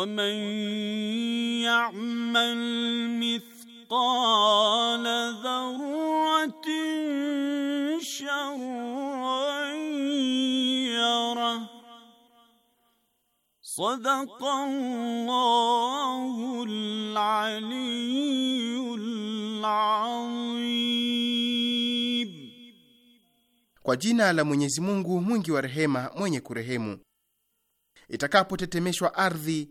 ومن يعمل مثقال ذرة شرا يره صدق الله العلي العظيم. Kwa jina la Mwenyezi Mungu mwingi wa rehema mwenye kurehemu. Itakapotetemeshwa ardhi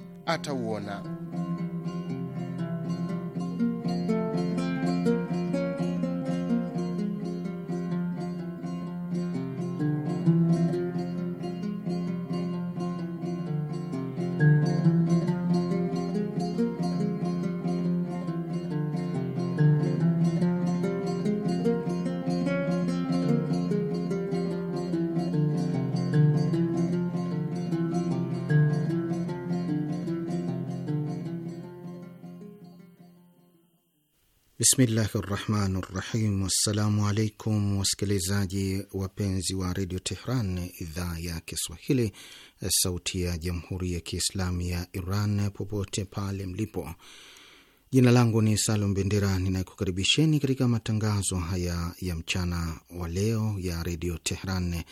Atawona. Bismillahi rahmani rahim. Wassalamu alaikum wasikilizaji wapenzi wa redio Tehran, idhaa ya Kiswahili, sauti ya jamhuri ya kiislamu ya Iran, popote pale mlipo. Jina langu ni Salum Bendera, ninakukaribisheni katika matangazo haya ya mchana wa leo ya redio Tehran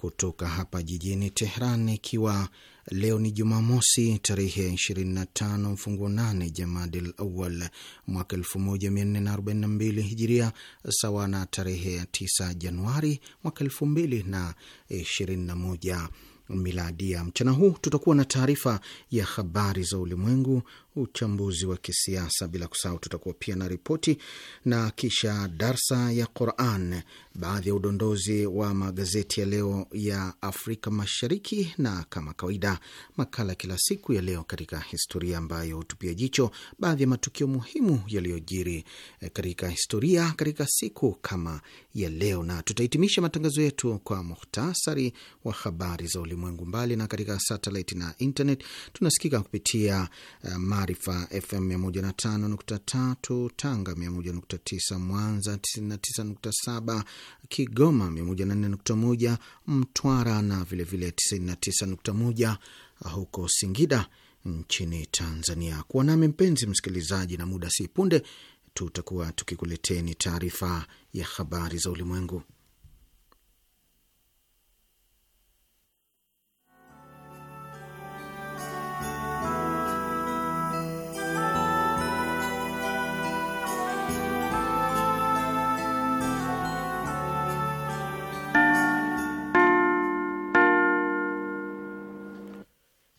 kutoka hapa jijini Tehran, ikiwa leo ni Jumamosi tarehe 25 mfunguo 8 Jamadil Awal mwaka 1442 Hijiria, sawa na tarehe 9 Januari mwaka 2021 miladia. Mchana huu tutakuwa na taarifa ya habari za ulimwengu, uchambuzi wa kisiasa, bila kusahau tutakuwa pia na ripoti na kisha darsa ya Quran, baadhi ya udondozi wa magazeti ya leo ya Afrika Mashariki, na kama kawaida makala kila siku ya leo katika historia, ambayo hutupia jicho baadhi ya matukio muhimu yaliyojiri e, katika historia katika siku kama ya leo, na tutahitimisha matangazo yetu kwa muhtasari wa habari za ulimwengu. Mbali na katika satellite na internet tunasikika kupitia uh, Maarifa FM 105.3 Tanga, 101.9 Mwanza, 99.7 Kigoma, 104.1 Mtwara na vilevile 99.1 uh, huko Singida nchini Tanzania. Kuwa nami mpenzi msikilizaji, na muda si punde tutakuwa tukikuleteni taarifa ya habari za ulimwengu.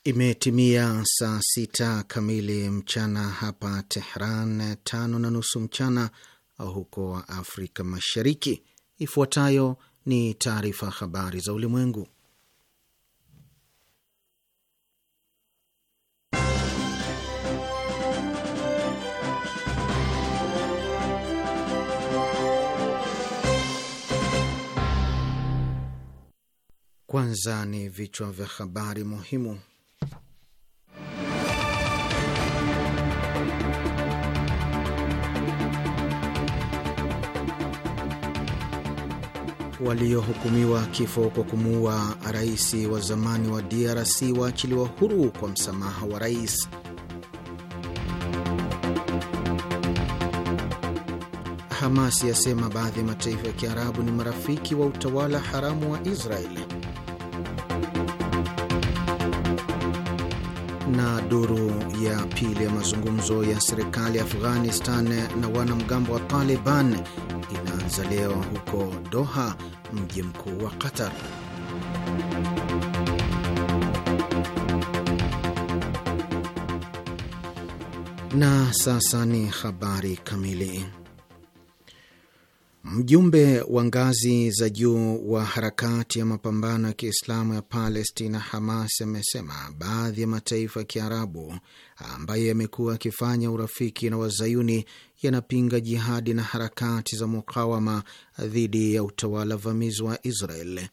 Imetimia saa sita kamili mchana hapa Tehran, tano na nusu mchana huko Afrika Mashariki. Ifuatayo ni taarifa habari za ulimwengu, kwanza ni vichwa vya habari muhimu. waliohukumiwa kifo kwa kumuua rais wa zamani wa DRC waachiliwa huru kwa msamaha wa rais. Hamas yasema baadhi ya mataifa ya Kiarabu ni marafiki wa utawala haramu wa Israeli. na duru ya pili ya mazungumzo ya serikali ya Afghanistan na wanamgambo wa Taliban za leo huko Doha, mji mkuu wa Qatar. Na sasa ni habari kamili. Mjumbe wa ngazi za juu wa harakati ya mapambano ya Kiislamu ya Palestina, Hamas, amesema baadhi ya mataifa ya Kiarabu ambayo yamekuwa yakifanya urafiki na Wazayuni yanapinga jihadi na harakati za mukawama dhidi ya utawala vamizi wa Israel.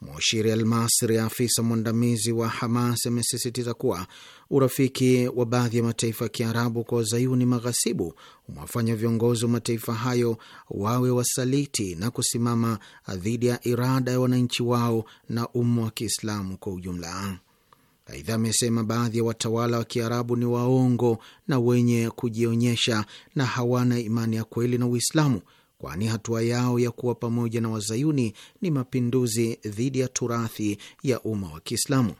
Mwashiri Almasri, afisa mwandamizi wa Hamas, amesisitiza kuwa urafiki wa baadhi ya mataifa ya Kiarabu kwa wazayuni maghasibu umewafanya viongozi wa mataifa hayo wawe wasaliti na kusimama dhidi ya irada ya wananchi wao na umma wa Kiislamu kwa ujumla. Aidha, amesema baadhi ya watawala wa Kiarabu ni waongo na wenye kujionyesha na hawana imani ya kweli na Uislamu, kwani hatua yao ya kuwa pamoja na wazayuni ni mapinduzi dhidi ya turathi ya umma wa Kiislamu.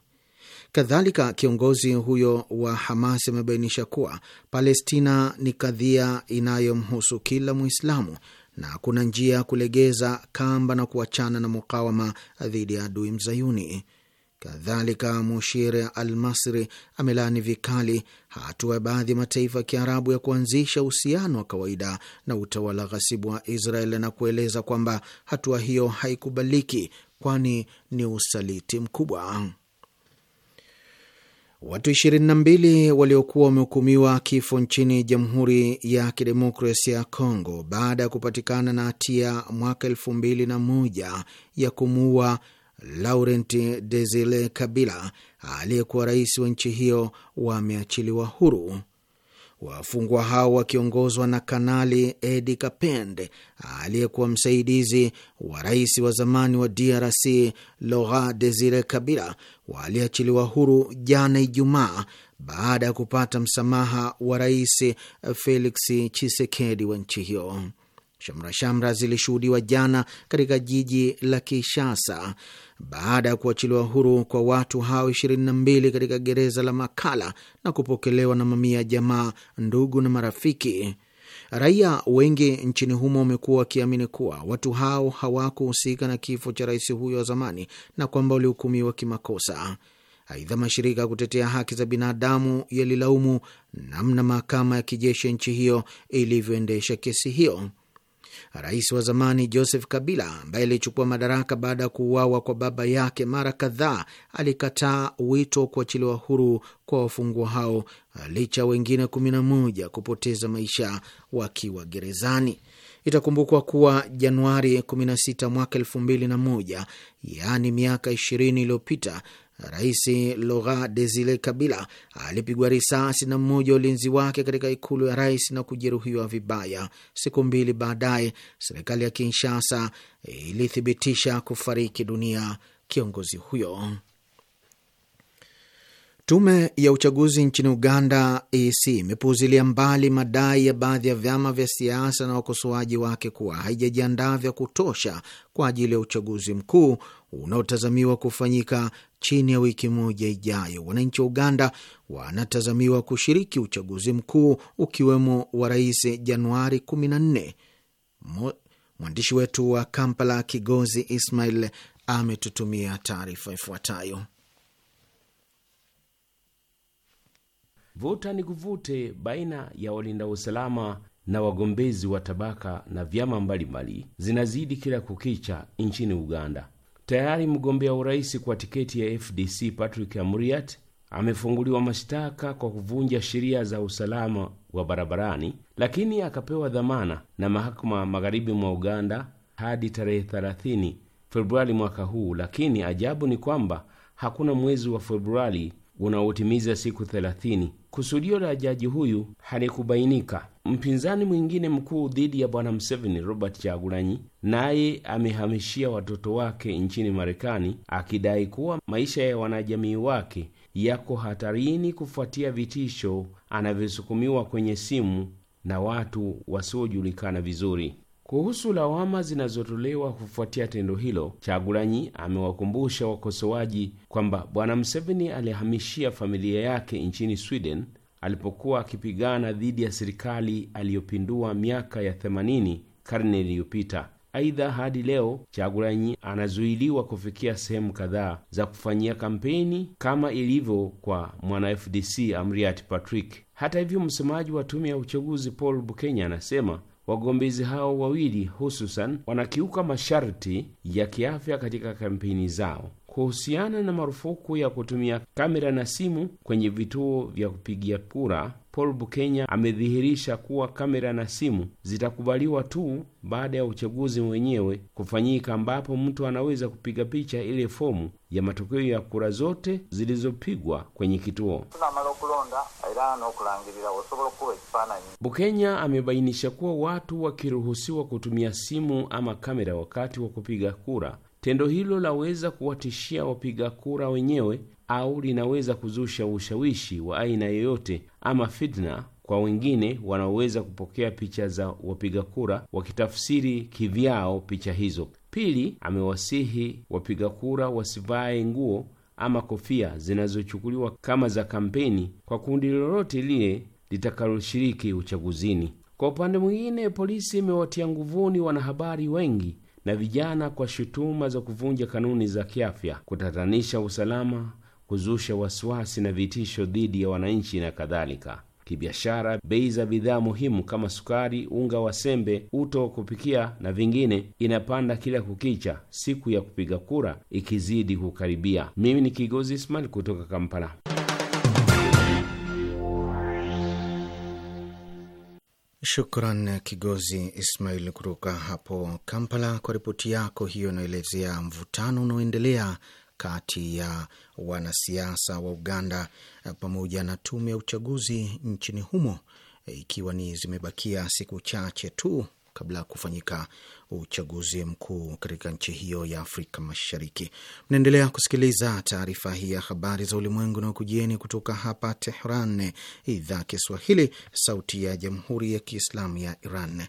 Kadhalika, kiongozi huyo wa Hamas amebainisha kuwa Palestina ni kadhia inayomhusu kila Mwislamu na kuna njia ya kulegeza kamba na kuachana na mukawama dhidi ya adui mzayuni. Kadhalika, mushiri Al Masri amelaani vikali hatua ya baadhi ya mataifa ya Kiarabu ya kuanzisha uhusiano wa kawaida na utawala ghasibu wa Israel na kueleza kwamba hatua hiyo haikubaliki, kwani ni usaliti mkubwa. Watu 22 waliokuwa wamehukumiwa kifo nchini Jamhuri ya Kidemokrasia ya Kongo baada ya kupatikana na hatia mwaka elfu mbili na moja ya kumuua Laurent Desire Kabila aliyekuwa rais wa nchi hiyo wameachiliwa huru. Wafungwa hao wakiongozwa na Kanali Edi Kapende aliyekuwa msaidizi wa rais wa zamani wa DRC Laurent Desire Kabila waliachiliwa huru jana Ijumaa baada ya kupata msamaha wa rais Felix chisekedi wa nchi hiyo. Shamra shamra zilishuhudiwa jana katika jiji la Kinshasa baada ya kuachiliwa huru kwa watu hao 22 katika gereza la Makala na kupokelewa na mamia ya jamaa, ndugu na marafiki. Raia wengi nchini humo wamekuwa wakiamini kuwa watu hao hawakuhusika na kifo cha rais huyo wa zamani na kwamba walihukumiwa kimakosa. Aidha, mashirika ya kutetea haki za binadamu yalilaumu namna mahakama ya kijeshi ya nchi hiyo ilivyoendesha kesi hiyo rais wa zamani Joseph Kabila ambaye alichukua madaraka baada ya kuuawa kwa baba yake, mara kadhaa alikataa wito wa kuachiliwa huru kwa wafungwa hao licha wengine 11 kupoteza maisha wakiwa gerezani. Itakumbukwa kuwa Januari 16 mwaka 2001, yaani miaka 20 iliyopita, Rais Laurent Desire Kabila alipigwa risasi na mmoja wa ulinzi wake katika ikulu ya rais na kujeruhiwa vibaya. Siku mbili baadaye, serikali ya Kinshasa ilithibitisha kufariki dunia kiongozi huyo. Tume ya uchaguzi nchini Uganda, EC, imepuuzilia mbali madai ya baadhi ya vyama vya siasa na wakosoaji wake kuwa haijajiandaa vya kutosha kwa ajili ya uchaguzi mkuu unaotazamiwa kufanyika chini ya wiki moja ijayo. Wananchi wa Uganda wanatazamiwa kushiriki uchaguzi mkuu ukiwemo wa rais Januari 14. Mwandishi wetu wa Kampala, Kigozi Ismail, ametutumia taarifa ifuatayo. vuta ni kuvute baina ya walinda usalama na wagombezi wa tabaka na vyama mbalimbali zinazidi kila kukicha nchini Uganda. Tayari mgombea urais kwa tiketi ya FDC Patrick Amuriat amefunguliwa mashtaka kwa kuvunja sheria za usalama wa barabarani, lakini akapewa dhamana na mahakama magharibi mwa Uganda hadi tarehe 30 Februari mwaka huu. Lakini ajabu ni kwamba hakuna mwezi wa Februari unaotimiza siku Kusudio la jaji huyu halikubainika. Mpinzani mwingine mkuu dhidi ya bwana Museveni, Robert Chagulanyi, naye amehamishia watoto wake nchini Marekani akidai kuwa maisha ya wanajamii wake yako hatarini kufuatia vitisho anavyosukumiwa kwenye simu na watu wasiojulikana vizuri. Kuhusu lawama zinazotolewa kufuatia tendo hilo, Chagulanyi amewakumbusha wakosoaji kwamba Bwana Museveni alihamishia familia yake nchini Sweden alipokuwa akipigana dhidi ya serikali aliyopindua miaka ya 80 karne iliyopita. Aidha, hadi leo Chagulanyi anazuiliwa kufikia sehemu kadhaa za kufanyia kampeni kama ilivyo kwa mwana FDC Amriat Patrick. Hata hivyo, msemaji wa tume ya uchaguzi Paul Bukenya anasema Wagombezi hao wawili hususan wanakiuka masharti ya kiafya katika kampeni zao. Kuhusiana na marufuku ya kutumia kamera na simu kwenye vituo vya kupigia kura, Paul Bukenya amedhihirisha kuwa kamera na simu zitakubaliwa tu baada ya uchaguzi mwenyewe kufanyika, ambapo mtu anaweza kupiga picha ile fomu ya matokeo ya kura zote zilizopigwa kwenye kituo. Bukenya amebainisha kuwa watu wakiruhusiwa kutumia simu ama kamera wakati wa kupiga kura Tendo hilo laweza kuwatishia wapiga kura wenyewe au linaweza kuzusha ushawishi wa aina yoyote ama fitna kwa wengine wanaoweza kupokea picha za wapiga kura wakitafsiri kivyao picha hizo. Pili, amewasihi wapiga kura wasivae nguo ama kofia zinazochukuliwa kama za kampeni kwa kundi lolote lile litakaloshiriki uchaguzini. Kwa upande mwingine, polisi imewatia nguvuni wanahabari wengi na vijana kwa shutuma za kuvunja kanuni za kiafya, kutatanisha usalama, kuzusha wasiwasi na vitisho dhidi ya wananchi na kadhalika. Kibiashara, bei za bidhaa muhimu kama sukari, unga wa sembe, uto wa kupikia na vingine inapanda kila kukicha, siku ya kupiga kura ikizidi kukaribia. Mimi ni Kigozi Ismail kutoka Kampala. Shukran Kigozi Ismail kutoka hapo Kampala kwa ripoti yako hiyo inaelezea mvutano unaoendelea kati ya wanasiasa wa Uganda pamoja na tume ya uchaguzi nchini humo, ikiwa ni zimebakia siku chache tu kabla ya kufanyika uchaguzi mkuu katika nchi hiyo ya Afrika Mashariki. Mnaendelea kusikiliza taarifa hii ya habari za ulimwengu na ukujieni kutoka hapa Tehran, idhaa Kiswahili, sauti ya jamhuri ya kiislamu ya Iran.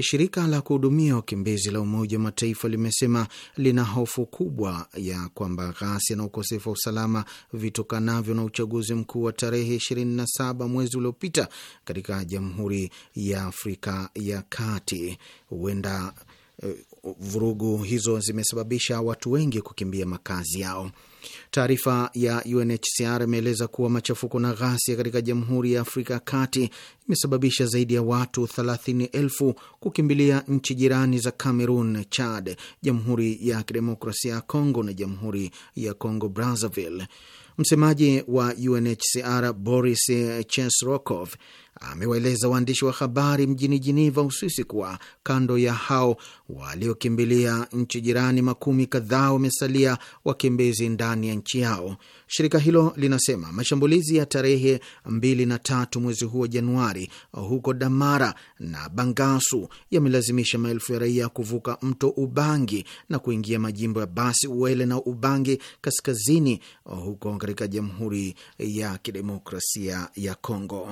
Shirika la kuhudumia wakimbizi la Umoja wa Mataifa limesema lina hofu kubwa ya kwamba ghasia na ukosefu wa usalama vitokanavyo na uchaguzi mkuu wa tarehe 27 mwezi uliopita katika Jamhuri ya Afrika ya Kati huenda vurugu hizo zimesababisha watu wengi kukimbia makazi yao. Taarifa ya UNHCR imeeleza kuwa machafuko na ghasia katika Jamhuri ya Afrika ya Kati imesababisha zaidi ya watu thelathini elfu kukimbilia nchi jirani za Cameroon, Chad, Jamhuri ya Kidemokrasia ya Kongo na Jamhuri ya Kongo Brazzaville. Msemaji wa UNHCR Boris Chesrokov amewaeleza waandishi wa habari mjini Jiniva, Uswisi, kuwa kando ya hao waliokimbilia nchi jirani, makumi kadhaa wamesalia wakimbizi ndani ya nchi yao. Shirika hilo linasema mashambulizi ya tarehe mbili na tatu mwezi huu wa Januari huko Damara na Bangasu yamelazimisha maelfu ya raia kuvuka mto Ubangi na kuingia majimbo ya Basi, Uele na Ubangi kaskazini huko katika Jamhuri ya Kidemokrasia ya Kongo.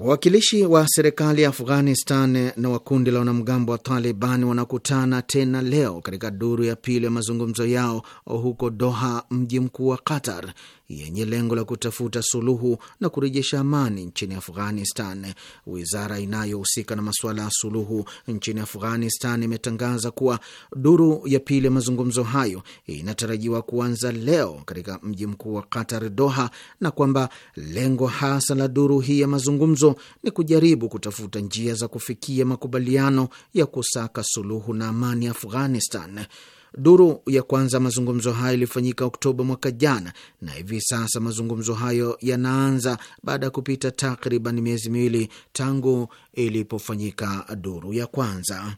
Wawakilishi wa serikali ya Afghanistan na wakundi la wanamgambo wa Taliban wanakutana tena leo katika duru ya pili ya mazungumzo yao huko Doha, mji mkuu wa Qatar, yenye lengo la kutafuta suluhu na kurejesha amani nchini Afghanistan. Wizara inayohusika na masuala ya suluhu nchini Afghanistan imetangaza kuwa duru ya pili ya mazungumzo hayo inatarajiwa kuanza leo katika mji mkuu wa Qatar, Doha, na kwamba lengo hasa la duru hii ya mazungumzo ni kujaribu kutafuta njia za kufikia makubaliano ya kusaka suluhu na amani Afghanistan. Duru ya kwanza mazungumzo hayo ilifanyika Oktoba mwaka jana, na hivi sasa mazungumzo hayo yanaanza baada ya kupita takriban miezi miwili tangu ilipofanyika duru ya kwanza.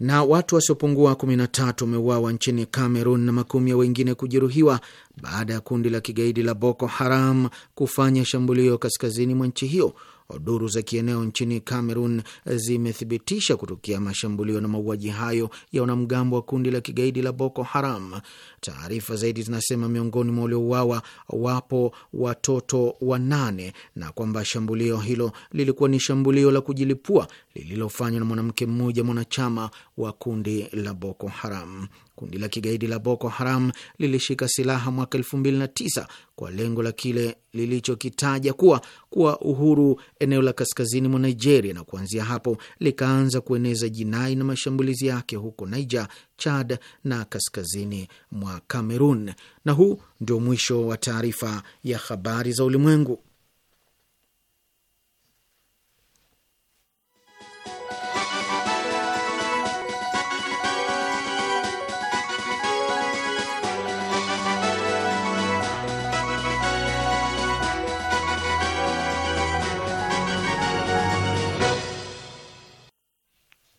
Na watu wasiopungua kumi na wameuawa nchini Cameroon na makumi ya wengine kujeruhiwa baada ya kundi la kigaidi la Boko Haram kufanya shambulio kaskazini mwa nchi hiyo Duru za kieneo nchini Cameroon zimethibitisha kutokea mashambulio na mauaji hayo ya wanamgambo wa kundi la kigaidi la Boko Haram. Taarifa zaidi zinasema miongoni mwa waliouawa wapo watoto wanane na kwamba shambulio hilo lilikuwa ni shambulio la kujilipua lililofanywa na mwanamke mmoja mwanachama wa kundi la Boko Haram. Kundi la kigaidi la Boko Haram lilishika silaha mwaka elfu mbili na tisa kwa lengo la kile lilichokitaja kuwa kuwa uhuru eneo la kaskazini mwa Nigeria, na kuanzia hapo likaanza kueneza jinai na mashambulizi yake huko Niger, Chad na kaskazini mwa Cameroon. Na huu ndio mwisho wa taarifa ya habari za ulimwengu.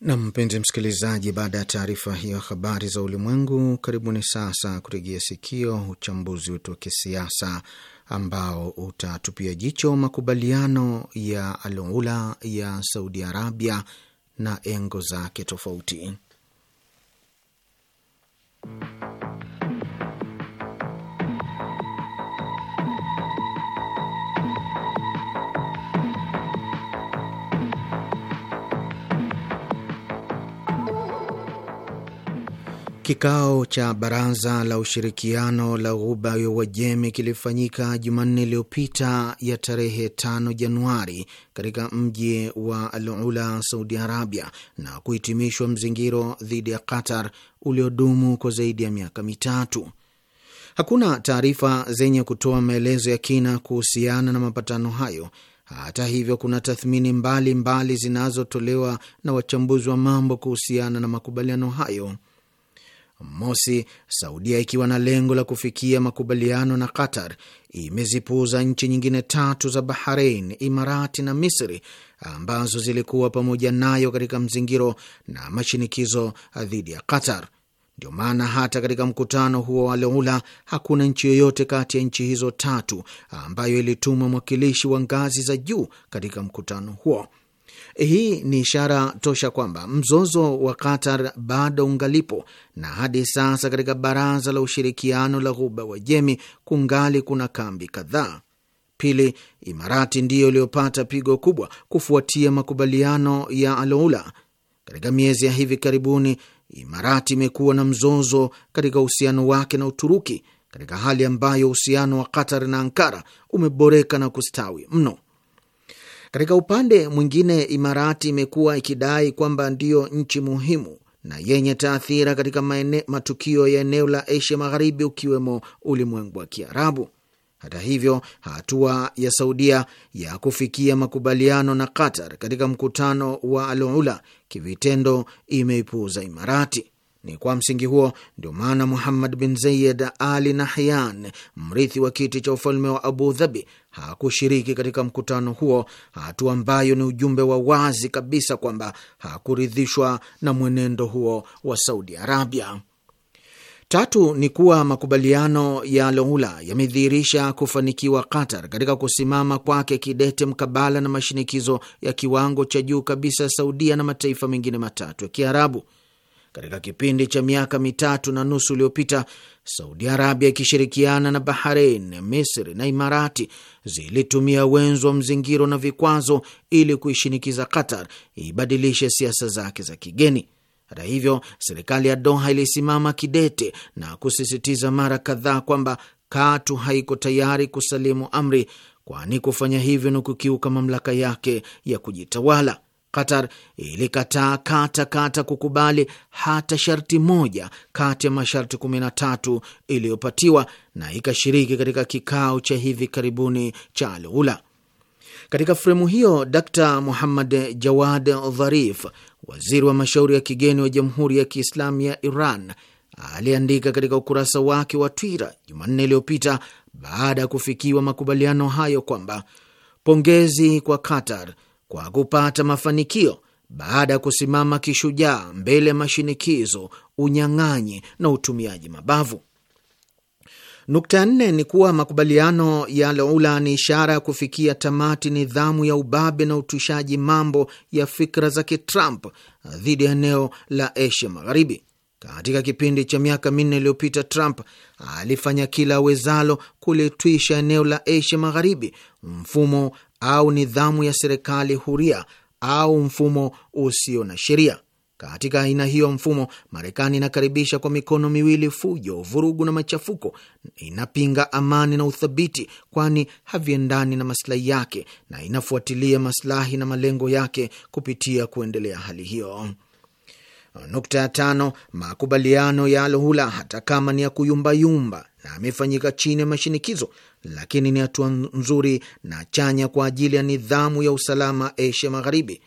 Na mpenzi msikilizaji, baada ya taarifa hiyo habari za ulimwengu, karibuni sasa kutegea sikio uchambuzi wetu wa kisiasa ambao utatupia jicho makubaliano ya Alula ya Saudi Arabia na engo zake tofauti. Kikao cha baraza la ushirikiano la ghuba ya Uajemi kilifanyika Jumanne iliyopita ya tarehe 5 Januari katika mji wa Al Ula, Saudi Arabia, na kuhitimishwa mzingiro dhidi ya Qatar uliodumu kwa zaidi ya miaka mitatu. Hakuna taarifa zenye kutoa maelezo ya kina kuhusiana na mapatano hayo. Hata hivyo, kuna tathmini mbalimbali zinazotolewa na wachambuzi wa mambo kuhusiana na makubaliano hayo. Mosi, Saudia ikiwa na lengo la kufikia makubaliano na Qatar imezipuuza nchi nyingine tatu za Bahrain, Imarati na Misri ambazo zilikuwa pamoja nayo katika mzingiro na mashinikizo dhidi ya Qatar. Ndio maana hata katika mkutano huo wa Leula hakuna nchi yoyote kati ya nchi hizo tatu ambayo ilituma mwakilishi wa ngazi za juu katika mkutano huo. Hii ni ishara tosha kwamba mzozo wa Qatar bado ungalipo, na hadi sasa katika Baraza la Ushirikiano la Ghuba jemi kungali kuna kambi kadhaa. Pili, Imarati ndiyo iliyopata pigo kubwa kufuatia makubaliano ya Aloula. Katika miezi ya hivi karibuni, Imarati imekuwa na mzozo katika uhusiano wake na Uturuki, katika hali ambayo uhusiano wa Qatar na Ankara umeboreka na kustawi mno. Katika upande mwingine, Imarati imekuwa ikidai kwamba ndiyo nchi muhimu na yenye taathira katika maene, matukio ya eneo la Asia Magharibi ukiwemo ulimwengu wa Kiarabu. Hata hivyo, hatua ya Saudia ya kufikia makubaliano na Qatar katika mkutano wa Al Ula kivitendo imeipuuza Imarati. Ni kwa msingi huo ndio maana Muhammad bin Zayed Ali Nahyan, mrithi wa kiti cha ufalme wa Abu Dhabi, hakushiriki katika mkutano huo, hatua ambayo ni ujumbe wa wazi kabisa kwamba hakuridhishwa na mwenendo huo wa Saudi Arabia. Tatu ni kuwa makubaliano ya Loula yamedhihirisha kufanikiwa Qatar katika kusimama kwake kidete mkabala na mashinikizo ya kiwango cha juu kabisa ya Saudia na mataifa mengine matatu ya Kiarabu. Katika kipindi cha miaka mitatu na nusu iliyopita, Saudi Arabia ikishirikiana na Bahrein, Misri na Imarati zilitumia wenzo wa mzingiro na vikwazo ili kuishinikiza Qatar ibadilishe siasa zake za kigeni. Hata hivyo, serikali ya Doha ilisimama kidete na kusisitiza mara kadhaa kwamba katu haiko tayari kusalimu amri, kwani kufanya hivyo ni kukiuka mamlaka yake ya kujitawala. Qatar ilikataa kata kata kukubali hata sharti moja kati ya masharti 13 iliyopatiwa na ikashiriki katika kikao cha hivi karibuni cha Alula. Katika fremu hiyo, Dr Muhammad Jawad Dharif, waziri wa mashauri ya kigeni wa Jamhuri ya Kiislamu ya Iran, aliandika katika ukurasa wake wa Twitter Jumanne iliyopita baada ya kufikiwa makubaliano hayo kwamba pongezi kwa Qatar kwa kupata mafanikio baada ya kusimama kishujaa mbele ya mashinikizo, unyang'anyi na utumiaji mabavu. Nukta nne ni kuwa makubaliano ya Laula ni ishara ya kufikia tamati nidhamu ya ubabe na utwishaji mambo ya fikra za Kitrump dhidi ya eneo la Asia Magharibi. Katika kipindi cha miaka minne iliyopita, Trump alifanya kila awezalo kulitwisha eneo la Asia Magharibi mfumo au nidhamu ya serikali huria au mfumo usio na sheria. Katika aina hiyo mfumo, Marekani inakaribisha kwa mikono miwili fujo, vurugu na machafuko, inapinga amani na uthabiti, kwani haviendani na masilahi yake, na inafuatilia masilahi na malengo yake kupitia kuendelea hali hiyo. Nukta ya tano, makubaliano ya alhula hata kama ni ya kuyumbayumba na amefanyika chini ya mashinikizo, lakini ni hatua nzuri na chanya kwa ajili ya nidhamu ya usalama Asia Magharibi.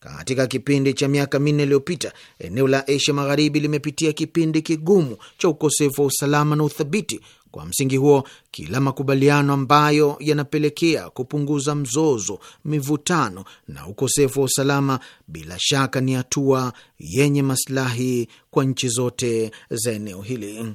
Katika kipindi cha miaka minne iliyopita, eneo la Asia Magharibi limepitia kipindi kigumu cha ukosefu wa usalama na uthabiti. Kwa msingi huo, kila makubaliano ambayo yanapelekea kupunguza mzozo, mivutano na ukosefu wa usalama, bila shaka ni hatua yenye masilahi kwa nchi zote za eneo hili.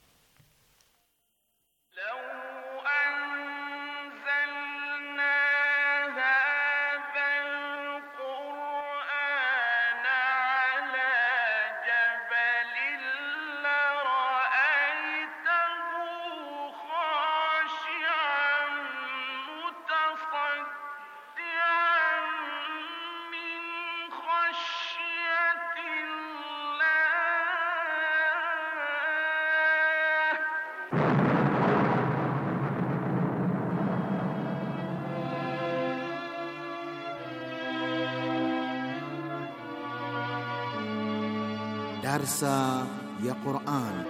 darsa ya Qur'an.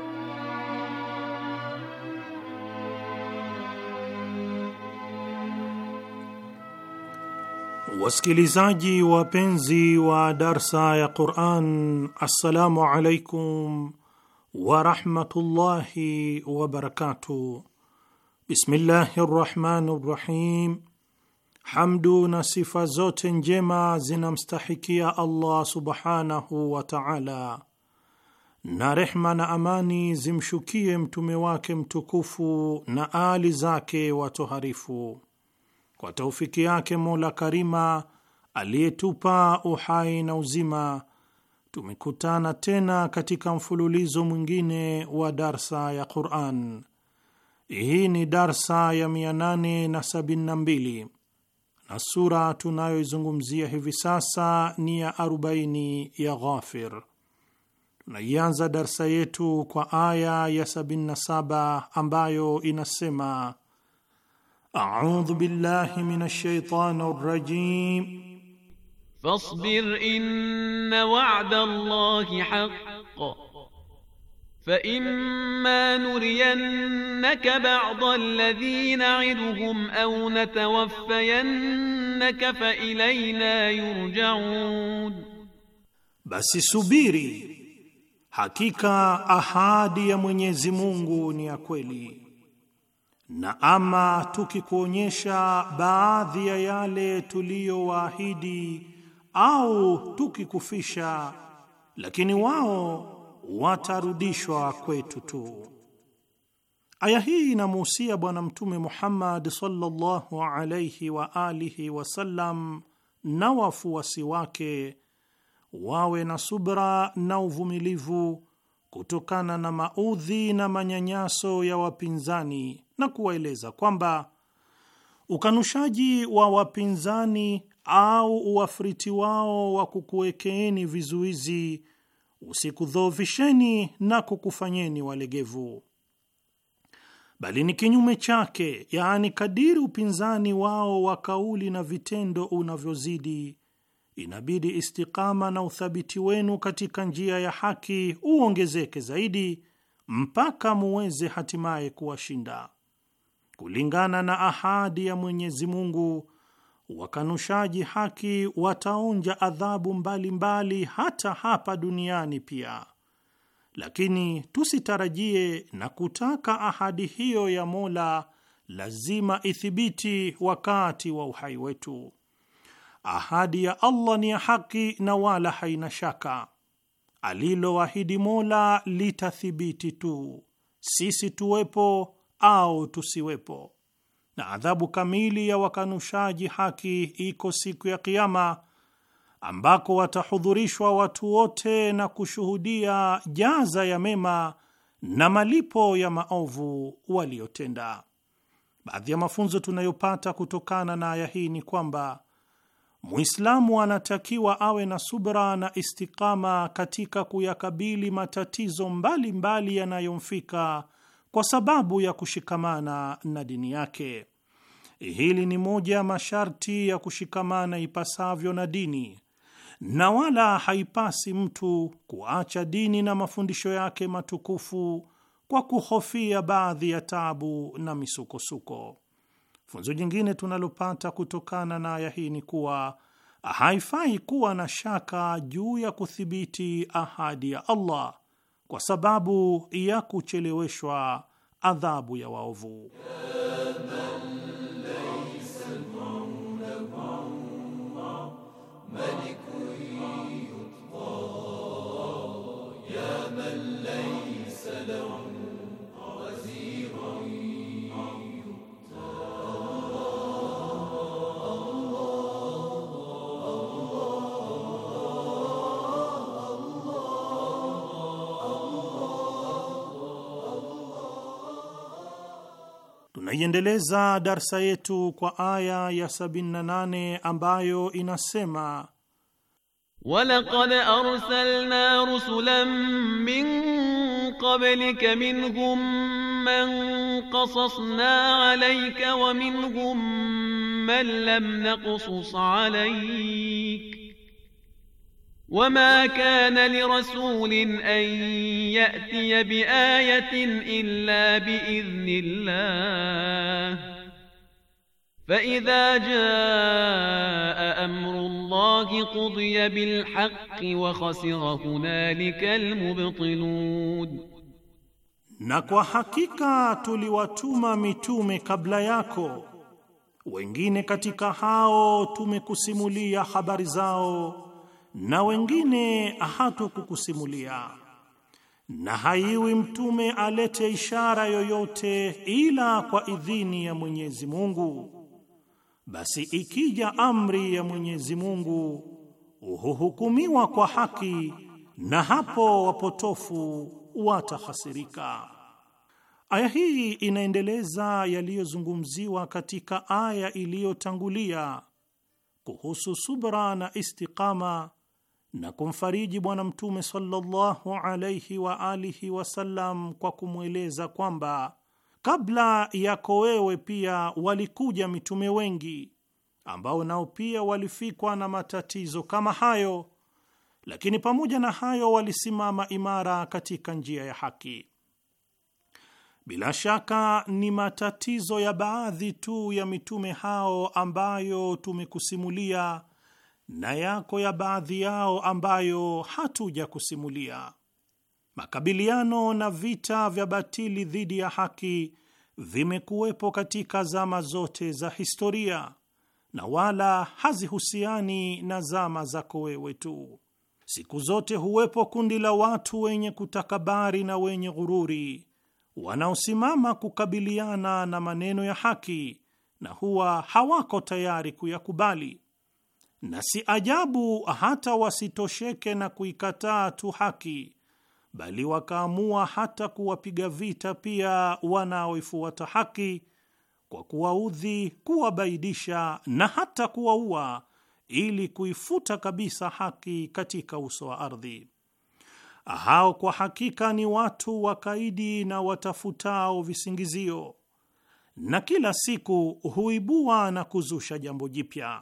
Wasikilizaji wapenzi wa darsa ya Qur'an, assalamu alaikum wa wabarakatuh wa barakatuh. Bismillahi rahmani rahim. Hamdu na sifa zote njema zinamstahikia Allah subhanahu wa ta'ala na rehma na amani zimshukie mtume wake mtukufu na aali zake watoharifu. Kwa taufiki yake Mola Karima aliyetupa uhai na uzima, tumekutana tena katika mfululizo mwingine wa darsa ya Quran. Hii ni darsa ya 872 na sura tunayoizungumzia hivi sasa ni ya 40 ya Ghafir. tunaianza darsa yetu kwa aya ya 77 ambayo inasema: audhu billahi minash shaitani rajim fasbir inna wa'da Allahi haqq nuriyannaka نرينك بعض الذي نعدهم natawaffayannaka fa ilayna yurja'un, Basi subiri Hakika ahadi ya Mwenyezi Mungu ni ya kweli, na ama tukikuonyesha baadhi ya yale tuliyowaahidi au tukikufisha, lakini wao watarudishwa kwetu tu. Aya hii inamuhusia Bwana Mtume Muhammad sallallahu alayhi wa alihi wasallam na wafuasi wake wawe na subra na uvumilivu kutokana na maudhi na manyanyaso ya wapinzani na kuwaeleza kwamba ukanushaji wa wapinzani au uafriti wao wa kukuwekeeni vizuizi usikudhoofisheni na kukufanyeni walegevu, bali ni kinyume chake, yaani kadiri upinzani wao wa kauli na vitendo unavyozidi inabidi istikama na uthabiti wenu katika njia ya haki uongezeke zaidi mpaka muweze hatimaye kuwashinda. Kulingana na ahadi ya Mwenyezi Mungu, wakanushaji haki wataonja adhabu mbalimbali mbali hata hapa duniani pia, lakini tusitarajie na kutaka ahadi hiyo ya Mola lazima ithibiti wakati wa uhai wetu ahadi ya Allah ni ya haki na wala haina shaka. Aliloahidi Mola litathibiti tu, sisi tuwepo au tusiwepo. Na adhabu kamili ya wakanushaji haki iko siku ya Kiama, ambako watahudhurishwa watu wote na kushuhudia jaza ya mema na malipo ya maovu waliotenda. Baadhi ya mafunzo tunayopata kutokana na aya hii ni kwamba Muislamu anatakiwa awe na subra na istikama katika kuyakabili matatizo mbalimbali yanayomfika kwa sababu ya kushikamana na dini yake. Hili ni moja ya masharti ya kushikamana ipasavyo na dini, na wala haipasi mtu kuacha dini na mafundisho yake matukufu kwa kuhofia baadhi ya tabu na misukosuko. Funzo jingine tunalopata kutokana na aya hii ni kuwa haifai kuwa na shaka juu ya kuthibiti ahadi ya Allah kwa sababu ya kucheleweshwa adhabu ya waovu. Tunaiendeleza darsa yetu kwa aya ya 78 ambayo inasema walaqad arsalna rusulan min qablika minhum man qasasna alayka wa minhum man lam naqsus alayka وما كان لرسول ان ياتي بايه الا باذن الله فاذا جاء امر الله قضي بالحق وخسر هنالك المبطلون نكو حقيقة لواتوما متومي قبل ياكو وانجين katika هاو تومي كسيموليا خبر زاو na wengine hatukukusimulia na haiwi mtume alete ishara yoyote ila kwa idhini ya Mwenyezi Mungu. Basi ikija amri ya Mwenyezi Mungu huhukumiwa kwa haki, na hapo wapotofu watahasirika. Aya hii inaendeleza yaliyozungumziwa katika aya iliyotangulia kuhusu subra na istiqama na kumfariji Bwana Mtume sallallahu alaihi wa alihi wasallam kwa kumweleza kwamba kabla yako wewe pia walikuja mitume wengi ambao nao pia walifikwa na matatizo kama hayo, lakini pamoja na hayo walisimama imara katika njia ya haki. Bila shaka ni matatizo ya baadhi tu ya mitume hao ambayo tumekusimulia na yako ya baadhi yao ambayo hatujakusimulia. Makabiliano na vita vya batili dhidi ya haki vimekuwepo katika zama zote za historia na wala hazihusiani na zama zako wewe tu. Siku zote huwepo kundi la watu wenye kutakabari na wenye ghururi wanaosimama kukabiliana na maneno ya haki na huwa hawako tayari kuyakubali na si ajabu hata wasitosheke na kuikataa tu haki, bali wakaamua hata kuwapiga vita pia wanaoifuata haki kwa kuwaudhi, kuwabaidisha na hata kuwaua ili kuifuta kabisa haki katika uso wa ardhi. Hao kwa hakika ni watu wakaidi na watafutao visingizio, na kila siku huibua na kuzusha jambo jipya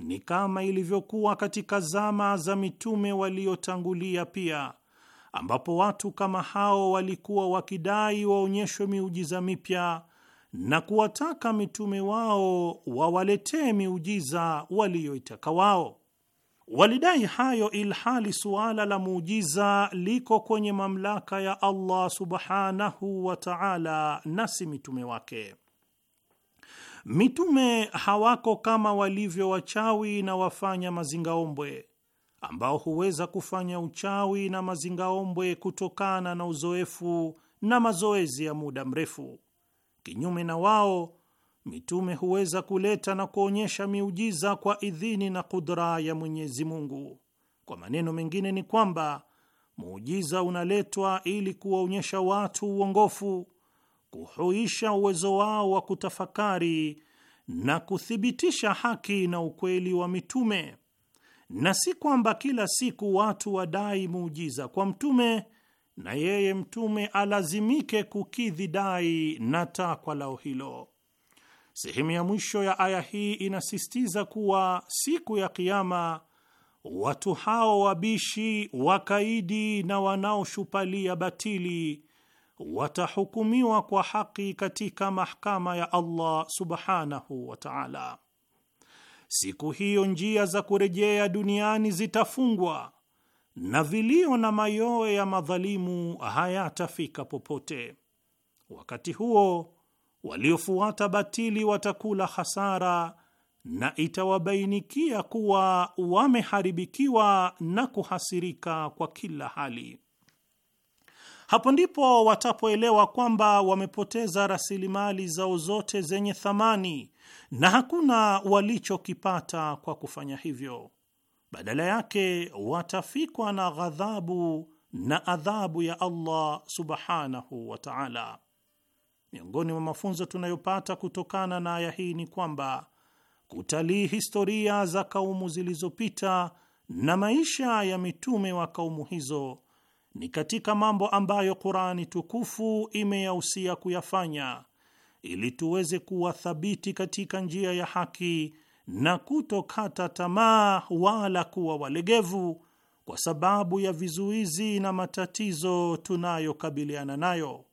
ni kama ilivyokuwa katika zama za mitume waliotangulia pia, ambapo watu kama hao walikuwa wakidai waonyeshwe miujiza mipya na kuwataka mitume wao wawaletee miujiza waliyoitaka wao. Walidai hayo ilhali suala la muujiza liko kwenye mamlaka ya Allah subhanahu wa ta'ala, na si mitume wake. Mitume hawako kama walivyo wachawi na wafanya mazingaombwe ambao huweza kufanya uchawi na mazingaombwe kutokana na uzoefu na mazoezi ya muda mrefu. Kinyume na wao, mitume huweza kuleta na kuonyesha miujiza kwa idhini na kudra ya Mwenyezi Mungu. Kwa maneno mengine ni kwamba muujiza unaletwa ili kuwaonyesha watu uongofu kuhuisha uwezo wao wa kutafakari na kuthibitisha haki na ukweli wa mitume, na si kwamba kila siku watu wadai muujiza kwa mtume na yeye mtume alazimike kukidhi dai na takwa lao hilo. Sehemu ya mwisho ya aya hii inasisitiza kuwa siku ya Kiama watu hao wabishi, wakaidi na wanaoshupalia batili watahukumiwa kwa haki katika mahakama ya Allah subhanahu wa ta'ala. Siku hiyo njia za kurejea duniani zitafungwa na vilio na mayoe ya madhalimu hayatafika popote. Wakati huo waliofuata batili watakula hasara na itawabainikia kuwa wameharibikiwa na kuhasirika kwa kila hali. Hapo ndipo watapoelewa kwamba wamepoteza rasilimali zao zote zenye thamani na hakuna walichokipata kwa kufanya hivyo. Badala yake watafikwa na ghadhabu na adhabu ya Allah subhanahu wa ta'ala. Miongoni mwa mafunzo tunayopata kutokana na aya hii ni kwamba kutalii historia za kaumu zilizopita na maisha ya mitume wa kaumu hizo ni katika mambo ambayo Qurani tukufu imeyahusia kuyafanya ili tuweze kuwa thabiti katika njia ya haki na kutokata tamaa wala kuwa walegevu kwa sababu ya vizuizi na matatizo tunayokabiliana nayo.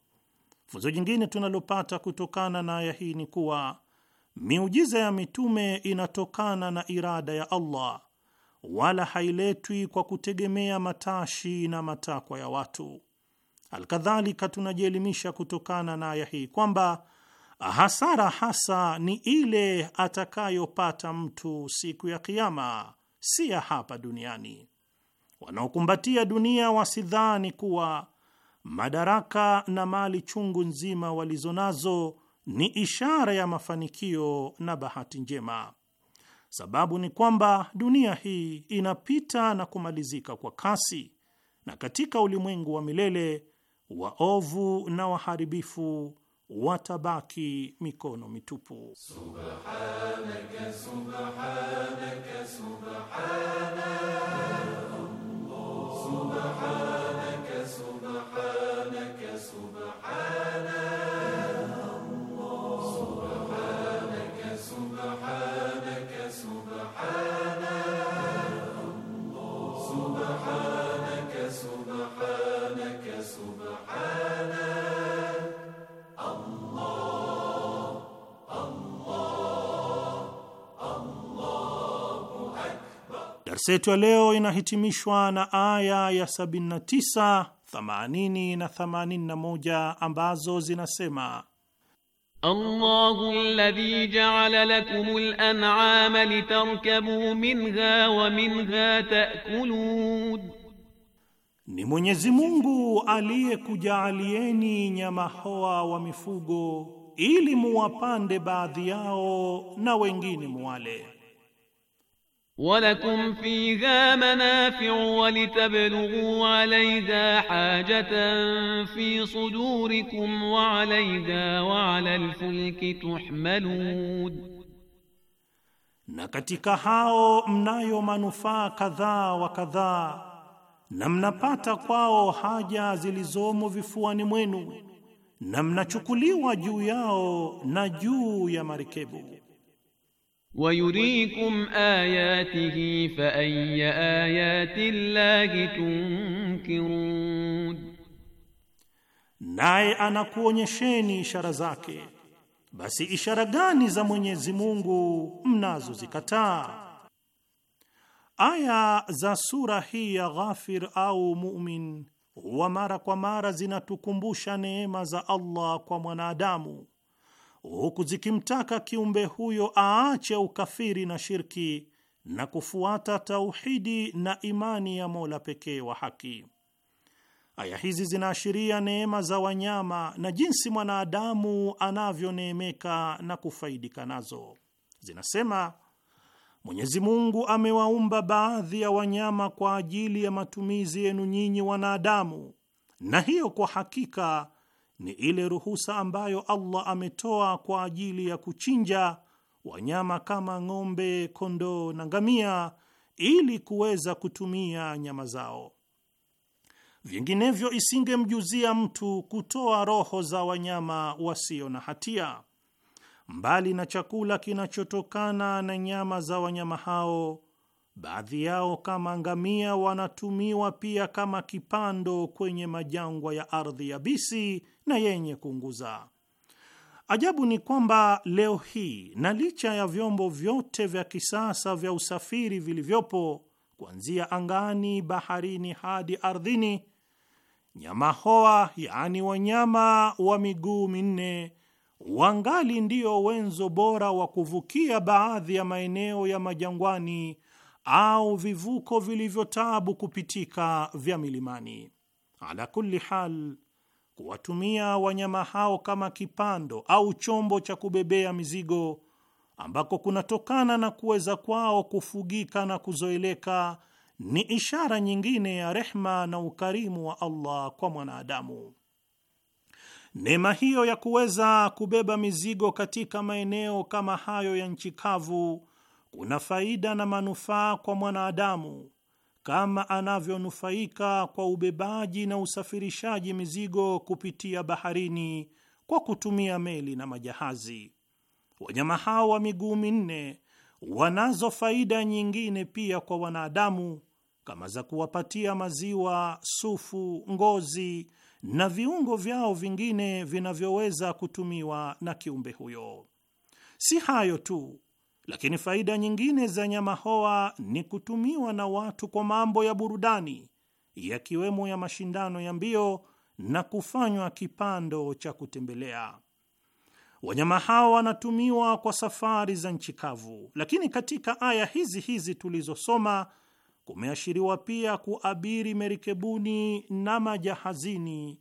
Funzo jingine tunalopata kutokana na aya hii ni kuwa miujiza ya mitume inatokana na irada ya Allah wala hailetwi kwa kutegemea matashi na matakwa ya watu. Alkadhalika, tunajielimisha kutokana na aya hii kwamba hasara hasa ni ile atakayopata mtu siku ya Kiama, si ya hapa duniani. Wanaokumbatia dunia wasidhani kuwa madaraka na mali chungu nzima walizo nazo ni ishara ya mafanikio na bahati njema. Sababu ni kwamba dunia hii inapita na kumalizika kwa kasi, na katika ulimwengu wa milele waovu na waharibifu watabaki mikono mitupu. Subhanaka, subhanaka, subhanaka, Allah, subhanaka. darsa yetu ya leo inahitimishwa na aya ya 79, 80 na 81 ambazo zinasema: Allahu alladhi ja'ala al an'ama litarkabu minha wa minha ta'kulun, ni Mwenyezi Mungu aliyekujaalieni nyama hoa wa mifugo ili muwapande baadhi yao na wengine muwale ولكم فيها منافع ولتبلغوا عليها حاجة في صدوركم وعليها وعلى الفلك تحملون na katika hao mnayo manufaa kadhaa wa kadhaa na mnapata kwao haja zilizomo vifuani mwenu na mnachukuliwa juu yao na juu ya marekebu ويريكم آياته فأي آيات الله tunkirun, naye anakuonyesheni ishara zake, basi ishara gani za Mwenyezi Mungu mnazozikataa? Aya za sura hii ya Ghafir au Mumin huwa mara kwa mara zinatukumbusha neema za Allah kwa mwanadamu huku zikimtaka kiumbe huyo aache ukafiri na shirki na kufuata tauhidi na imani ya Mola pekee wa haki. Aya hizi zinaashiria neema za wanyama na jinsi mwanadamu anavyoneemeka na kufaidika nazo. Zinasema Mwenyezi Mungu amewaumba baadhi ya wanyama kwa ajili ya matumizi yenu nyinyi wanadamu, na hiyo kwa hakika ni ile ruhusa ambayo Allah ametoa kwa ajili ya kuchinja wanyama kama ng'ombe, kondoo na ngamia ili kuweza kutumia nyama zao. Vinginevyo isingemjuzia mtu kutoa roho za wanyama wasio na hatia. Mbali na chakula kinachotokana na nyama za wanyama hao, baadhi yao kama ngamia wanatumiwa pia kama kipando kwenye majangwa ya ardhi yabisi na yenye kuunguza. Ajabu ni kwamba leo hii, na licha ya vyombo vyote vya kisasa vya usafiri vilivyopo, kuanzia angani, baharini hadi ardhini, nyama hoa, yaani wanyama wa miguu minne, wangali ndio wenzo bora wa kuvukia baadhi ya maeneo ya majangwani au vivuko vilivyotabu kupitika vya milimani. Ala kulli hal kuwatumia wanyama hao kama kipando au chombo cha kubebea mizigo ambako kunatokana na kuweza kwao kufugika na kuzoeleka ni ishara nyingine ya rehma na ukarimu wa Allah kwa mwanadamu. Neema hiyo ya kuweza kubeba mizigo katika maeneo kama hayo ya nchi kavu kuna faida na manufaa kwa mwanadamu kama anavyonufaika kwa ubebaji na usafirishaji mizigo kupitia baharini kwa kutumia meli na majahazi. Wanyama hao wa miguu minne wanazo faida nyingine pia kwa wanadamu kama za kuwapatia maziwa, sufu, ngozi na viungo vyao vingine vinavyoweza kutumiwa na kiumbe huyo. Si hayo tu, lakini faida nyingine za nyama hoa ni kutumiwa na watu kwa mambo ya burudani, yakiwemo ya mashindano ya mbio na kufanywa kipando cha kutembelea. Wanyama hawa wanatumiwa kwa safari za nchi kavu, lakini katika aya hizi hizi tulizosoma kumeashiriwa pia kuabiri merikebuni na majahazini,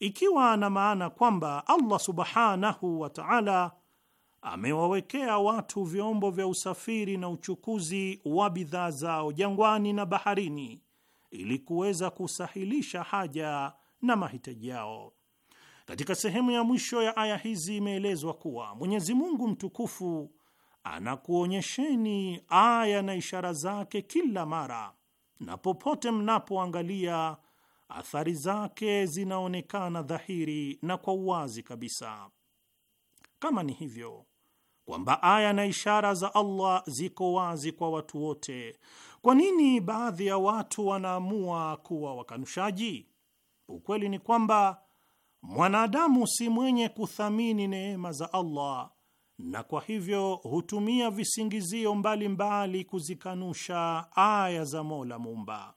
ikiwa na maana kwamba Allah subhanahu wa ta'ala amewawekea watu vyombo vya usafiri na uchukuzi wa bidhaa zao jangwani na baharini ili kuweza kusahilisha haja na mahitaji yao. Katika sehemu ya mwisho ya aya hizi imeelezwa kuwa Mwenyezi Mungu mtukufu anakuonyesheni aya na ishara zake kila mara, na popote mnapoangalia athari zake zinaonekana dhahiri na kwa uwazi kabisa. Kama ni hivyo kwamba aya na ishara za Allah ziko wazi kwa watu wote, kwa nini baadhi ya watu wanaamua kuwa wakanushaji? Ukweli ni kwamba mwanadamu si mwenye kuthamini neema za Allah na kwa hivyo hutumia visingizio mbalimbali mbali kuzikanusha aya za Mola mumba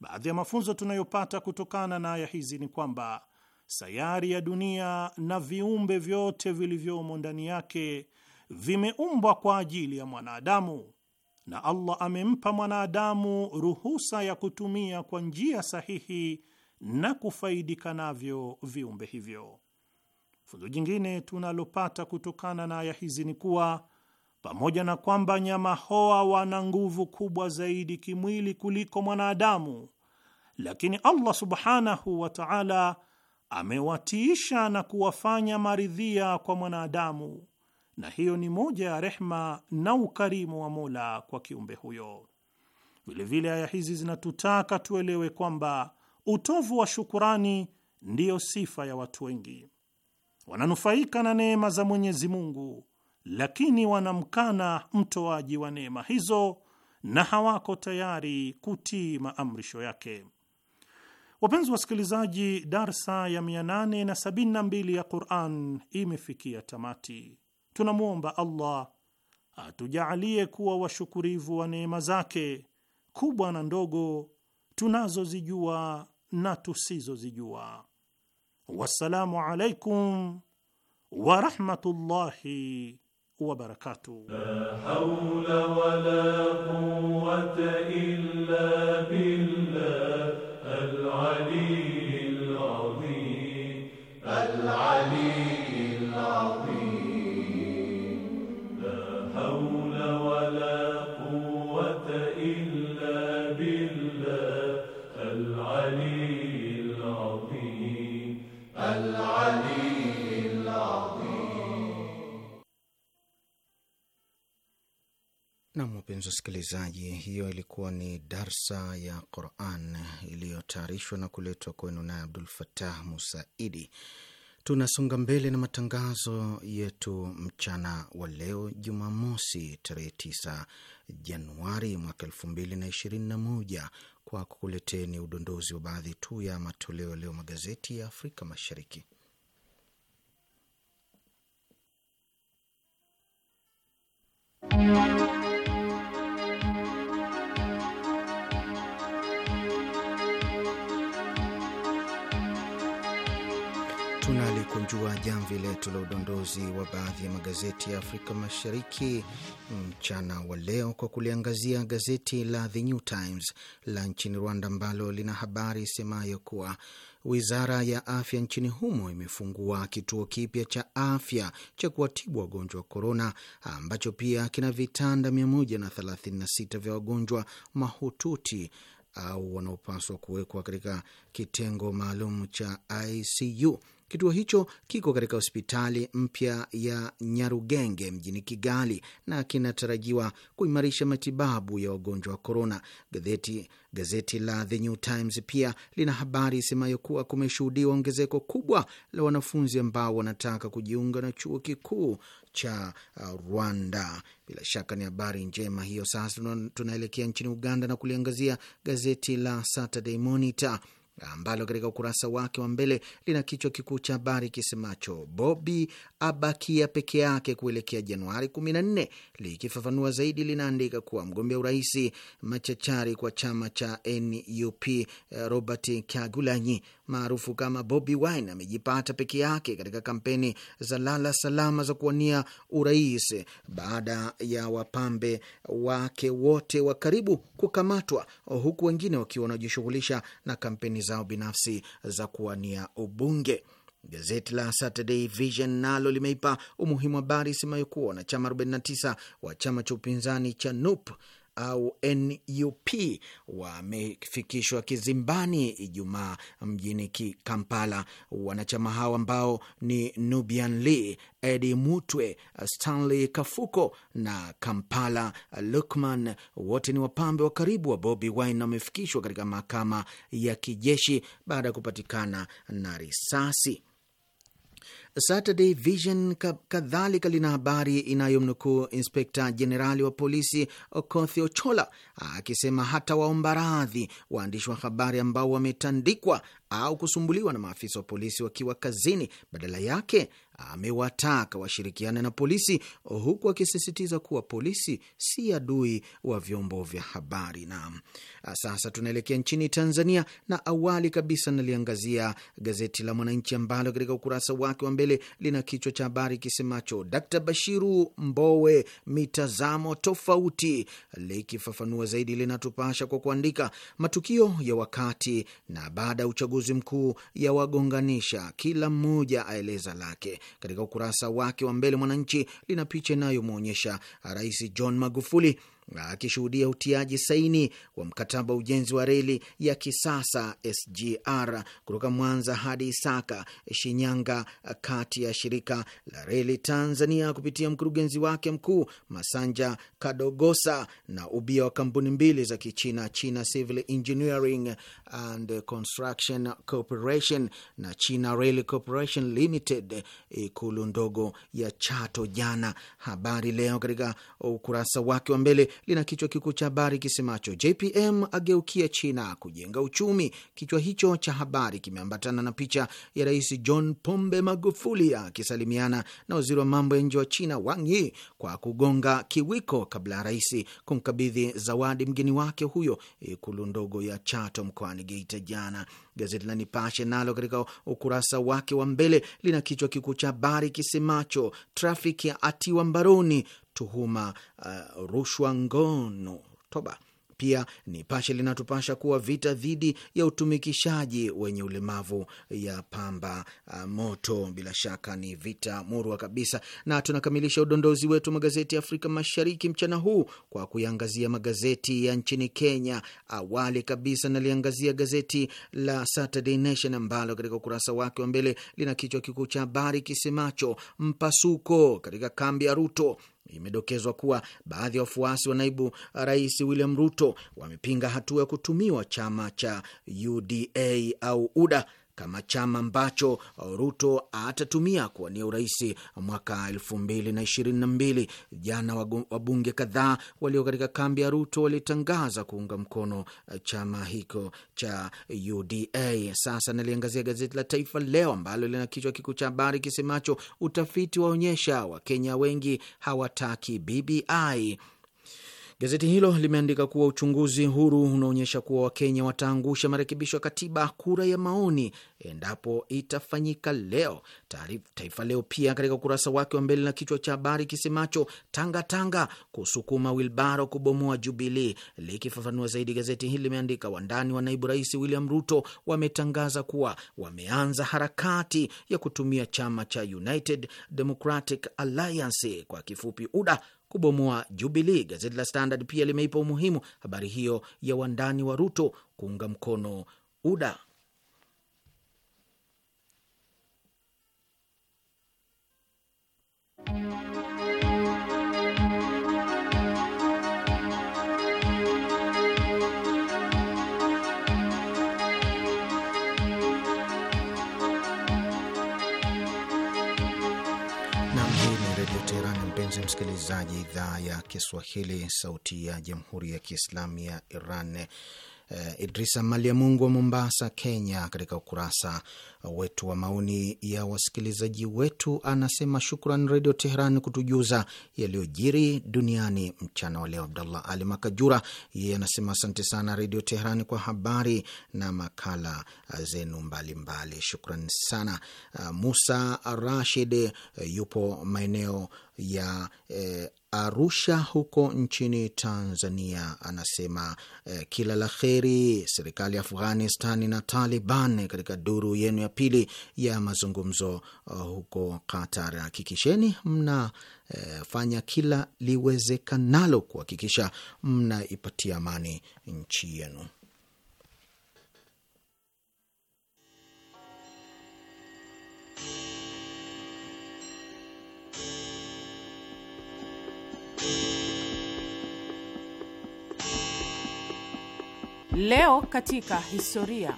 Baadhi ya mafunzo tunayopata kutokana na aya hizi ni kwamba sayari ya dunia na viumbe vyote vilivyomo ndani yake vimeumbwa kwa ajili ya mwanadamu na Allah amempa mwanadamu ruhusa ya kutumia kwa njia sahihi na kufaidika navyo viumbe hivyo. Funzo jingine tunalopata kutokana na aya hizi ni kuwa pamoja na kwamba nyama hoa wana nguvu kubwa zaidi kimwili kuliko mwanadamu, lakini Allah subhanahu wa ta'ala amewatiisha na kuwafanya maridhia kwa mwanadamu na hiyo ni moja ya rehma na ukarimu wa Mola kwa kiumbe huyo. Vilevile aya hizi zinatutaka tuelewe kwamba utovu wa shukurani ndiyo sifa ya watu wengi. Wananufaika na neema za Mwenyezi Mungu, lakini wanamkana mtoaji wa neema hizo na hawako tayari kutii maamrisho yake. Wapenzi wasikilizaji, darsa ya 872 ya Quran imefikia tamati tunamwomba Allah atujaalie kuwa washukurivu wa neema zake kubwa na ndogo tunazozijua na tusizozijua. Wassalamu alaikum warahmatullahi wabarakatuh. La hawla wala quwwata illa billah. Wapenzi wasikilizaji, hiyo ilikuwa ni darsa ya Quran iliyotayarishwa na kuletwa kwenu naye Abdul Fatah Musaidi. Tunasonga mbele na matangazo yetu mchana wa leo Jumamosi tarehe 9 Januari mwaka elfu mbili na ishirini na moja kwa kukuleteni udondozi wa baadhi tu ya matoleo leo magazeti ya Afrika Mashariki. kulikunjua jamvi letu la udondozi wa baadhi ya magazeti ya Afrika Mashariki mchana wa leo kwa kuliangazia gazeti la The New Times la nchini Rwanda ambalo lina habari isemayo kuwa wizara ya afya nchini humo imefungua kituo kipya cha afya cha kuwatibu wagonjwa wa korona ambacho pia kina vitanda 136 vya wagonjwa mahututi au wanaopaswa kuwekwa katika kitengo maalum cha ICU. Kituo hicho kiko katika hospitali mpya ya Nyarugenge mjini Kigali na kinatarajiwa kuimarisha matibabu ya wagonjwa wa korona. Gazeti, gazeti la The New Times pia lina habari isemayo kuwa kumeshuhudiwa ongezeko kubwa la wanafunzi ambao wanataka kujiunga na chuo kikuu cha uh, Rwanda. Bila shaka ni habari njema hiyo. Sasa tunaelekea nchini Uganda na kuliangazia gazeti la Saturday Monitor ambalo katika ukurasa wake wa mbele lina kichwa kikuu cha habari kisemacho Bobi abakia peke yake kuelekea Januari 14. Likifafanua zaidi, linaandika kuwa mgombea urais machachari kwa chama cha NUP eh, Robert Kyagulanyi maarufu kama Bobi Wine amejipata peke yake katika kampeni za lala salama za kuwania urais baada ya wapambe wake wote wa karibu kukamatwa, huku wengine wakiwa wanajishughulisha na kampeni zao binafsi za kuwania ubunge. Gazeti la Saturday Vision nalo limeipa umuhimu habari isemayo kuwa wanachama 49 wa chama cha upinzani cha NUP au NUP wamefikishwa kizimbani Ijumaa mjini Kampala. Wanachama hao ambao ni Nubian Lee, Edi Mutwe, Stanley Kafuko na Kampala Lukman, wote ni wapambe wa karibu wa Bobi Wine na wamefikishwa katika mahakama ya kijeshi baada ya kupatikana na risasi. Saturday Vision kadhalika lina habari inayomnukuu inspekta jenerali wa polisi Okothi Ochola akisema hata waomba radhi waandishi wa habari ambao wametandikwa au kusumbuliwa na maafisa wa polisi wakiwa kazini. Badala yake amewataka washirikiane na polisi, huku akisisitiza kuwa polisi si adui wa vyombo vya habari. Na sasa tunaelekea nchini Tanzania, na awali kabisa naliangazia gazeti la Mwananchi ambalo katika ukurasa wake wa mbele lina kichwa cha habari kisemacho Dkt Bashiru Mbowe, mitazamo tofauti. Likifafanua zaidi, linatupasha kwa kuandika matukio ya wakati na baada ya uchaguzi mkuu yawagonganisha, kila mmoja aeleza lake. Katika ukurasa wake wa mbele, Mwananchi lina picha inayomwonyesha Rais John Magufuli akishuhudia utiaji saini wa mkataba wa ujenzi wa reli ya kisasa SGR kutoka Mwanza hadi Isaka, Shinyanga, kati ya shirika la reli Tanzania kupitia mkurugenzi wake mkuu Masanja Kadogosa na ubia wa kampuni mbili za Kichina, China Civil Engineering and Construction Corporation na China Rail Corporation Limited, ikulu ndogo ya Chato jana. Habari Leo katika ukurasa wake wa mbele lina kichwa kikuu cha habari kisemacho JPM ageukia China kujenga uchumi. Kichwa hicho cha habari kimeambatana na picha ya Rais John Pombe Magufuli akisalimiana na waziri wa mambo ya nje wa China Wang Yi kwa kugonga kiwiko kabla ya rais kumkabidhi zawadi mgeni wake huyo ikulu ndogo ya Chato mkoani Geita jana. Gazeti la Nipashe nalo katika ukurasa wake wa mbele lina kichwa kikuu cha habari kisemacho trafiki atiwa mbaroni tuhuma uh, rushwa ngono toba pia Nipashe linatupasha kuwa vita dhidi ya utumikishaji wenye ulemavu ya pamba uh, moto. Bila shaka ni vita murwa kabisa, na tunakamilisha udondozi wetu magazeti ya Afrika Mashariki mchana huu kwa kuiangazia magazeti ya nchini Kenya. Awali kabisa, naliangazia gazeti la Saturday Nation ambalo katika ukurasa wake wa mbele lina kichwa kikuu cha habari kisemacho mpasuko katika kambi ya Ruto, Imedokezwa kuwa baadhi ya wafuasi wa naibu rais William Ruto wamepinga hatua ya kutumiwa chama cha UDA au UDA kama chama ambacho Ruto atatumia kuwania urais mwaka elfu mbili na ishirini na mbili. Jana wabunge kadhaa walio katika kambi ya Ruto walitangaza kuunga mkono eh, chama hicho cha UDA. Sasa naliangazia gazeti la Taifa Leo ambalo lina kichwa kikuu cha habari kisemacho utafiti waonyesha Wakenya wengi hawataki BBI. Gazeti hilo limeandika kuwa uchunguzi huru unaonyesha kuwa Wakenya wataangusha marekebisho ya katiba kura ya maoni endapo itafanyika leo. Taifa Leo pia katika ukurasa wake wa mbele na kichwa cha habari kisemacho tangatanga kusukuma wilbaro kubomoa Jubilii. Likifafanua zaidi, gazeti hili limeandika wandani wa naibu rais William Ruto wametangaza kuwa wameanza harakati ya kutumia chama cha United Democratic Alliance kwa kifupi UDA kubomoa Jubilee. Gazeti la Standard pia limeipa umuhimu habari hiyo ya wandani wa Ruto kuunga mkono UDA. msikilizaji, idhaa ya Kiswahili, sauti ya jamhuri ya kiislamu ya Iran uh, eh, Idrisa Maliamungu wa Mombasa, Kenya, katika ukurasa wetu wa maoni ya wasikilizaji wetu anasema, shukran Redio Teheran kutujuza yaliyojiri duniani mchana wa leo. Abdallah Ali Makajura yeye anasema, asante sana Redio Teheran kwa habari na makala zenu mbalimbali Shukran sana. Eh, Musa Rashid eh, yupo maeneo ya eh, Arusha huko nchini Tanzania anasema eh, kila la kheri serikali ya Afghanistan na Taliban katika duru yenu ya pili ya mazungumzo uh, huko Qatar. Hakikisheni mnafanya eh, kila liwezekanalo kuhakikisha mnaipatia amani nchi yenu. Leo katika historia.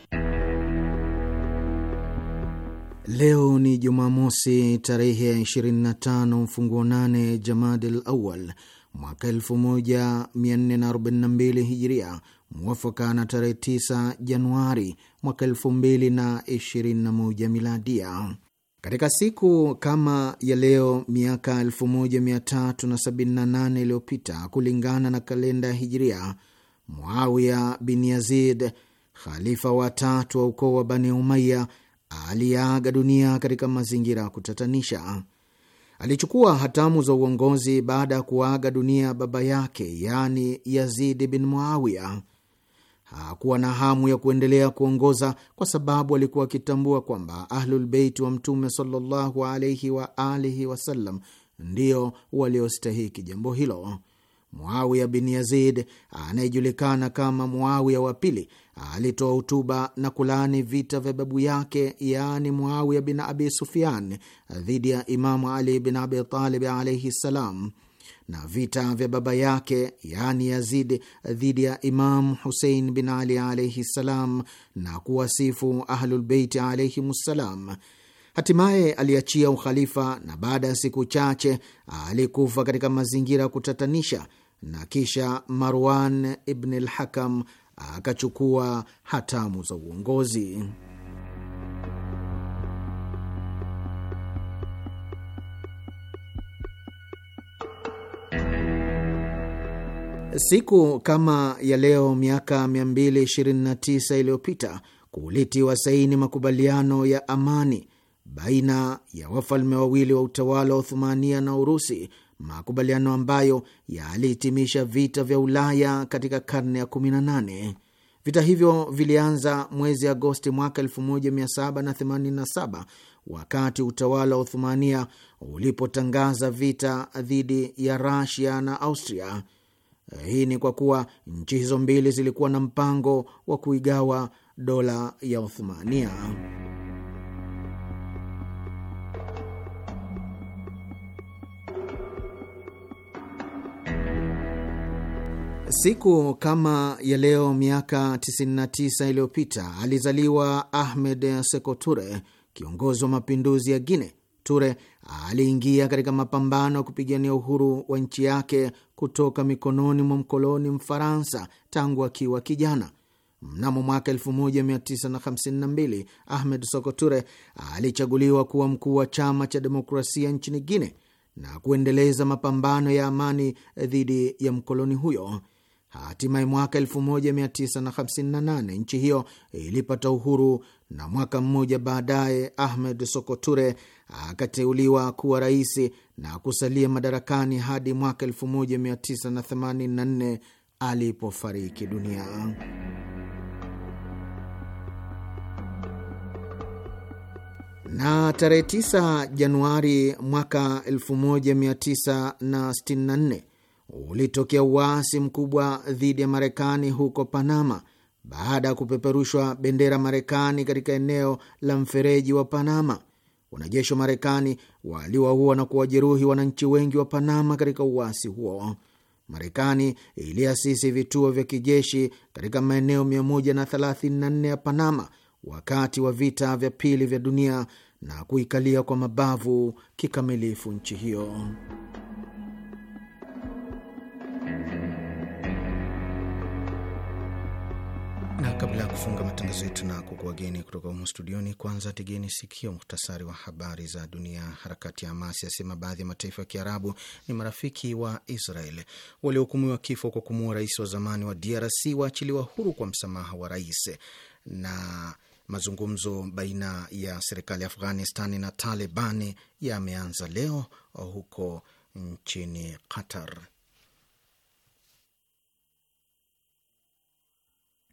Leo ni Jumamosi tarehe ya 25 mfunguo nane Jamadil Awal mwaka 1442 Hijiria, mwafaka na tarehe 9 Januari mwaka 2021 Miladia. Katika siku kama ya leo miaka 1378 iliyopita kulingana na kalenda Hijiria Muawiya bin Yazid, khalifa watatu wa ukoo wa Bani Umaya, aliaga dunia katika mazingira ya kutatanisha. Alichukua hatamu za uongozi baada ya kuaga dunia baba yake, yaani yazid bin Muawiya. Hakuwa na hamu ya kuendelea kuongoza kwa sababu alikuwa akitambua kwamba Ahlulbeiti wa Mtume sallallahu alaihi wa alihi wasallam ndio waliostahiki jambo hilo. Muawiya bin Yazid anayejulikana kama Muawiya wa pili alitoa hutuba na kulaani vita vya babu yake, yaani Muawiya bin Abi sufian dhidi ya Imamu Ali bin Abi Talib alaihi ssalam, na vita vya baba yake, yaani Yazid dhidi ya Imamu Husein bin Ali alaihi ssalam, na kuwasifu Ahlulbeiti ssalam. Hatimaye aliachia ukhalifa na baada ya siku chache alikufa katika mazingira ya kutatanisha na kisha Marwan ibn al-Hakam akachukua hatamu za uongozi. Siku kama ya leo miaka 229 iliyopita kulitiwa saini makubaliano ya amani baina ya wafalme wawili wa utawala wa Uthumania na Urusi makubaliano ambayo yalihitimisha vita vya Ulaya katika karne ya 18. Vita hivyo vilianza mwezi Agosti mwaka 1787 wakati utawala wa Uthumania ulipotangaza vita dhidi ya Rasia na Austria. Hii ni kwa kuwa nchi hizo mbili zilikuwa na mpango wa kuigawa dola ya Uthumania. Siku kama ya leo miaka 99 iliyopita alizaliwa Ahmed Seko Ture, kiongozi wa mapinduzi ya Guine. Ture aliingia katika mapambano ya kupigania uhuru wa nchi yake kutoka mikononi mwa mkoloni Mfaransa tangu akiwa kijana. Mnamo mwaka 1952 Ahmed sokoture alichaguliwa kuwa mkuu wa chama cha demokrasia nchini Guine na kuendeleza mapambano ya amani dhidi ya mkoloni huyo. Hatimaye mwaka 1958 nchi hiyo ilipata uhuru na mwaka mmoja baadaye Ahmed Sokoture akateuliwa kuwa rais na kusalia madarakani hadi mwaka 1984 alipofariki dunia. na tarehe 9 Januari mwaka 1964 ulitokea uasi mkubwa dhidi ya Marekani huko Panama baada ya kupeperushwa bendera Marekani katika eneo la mfereji wa Panama. Wanajeshi wa Marekani waliwaua na kuwajeruhi wananchi wengi wa Panama katika uasi huo. Marekani iliasisi vituo vya kijeshi katika maeneo 134 ya Panama wakati wa vita vya pili vya dunia na kuikalia kwa mabavu kikamilifu nchi hiyo. na kabla ya kufunga matangazo yetu na kukuwageni kutoka humo studioni, kwanza tegeni sikio muhtasari wa habari za dunia. Harakati ya Hamas yasema baadhi ya mataifa ya Kiarabu ni marafiki wa Israel. Waliohukumiwa kifo kwa kumuua rais wa zamani wa DRC waachiliwa huru kwa msamaha wa rais. Na mazungumzo baina ya serikali ya Afghanistan na Talibani yameanza leo huko nchini Qatar.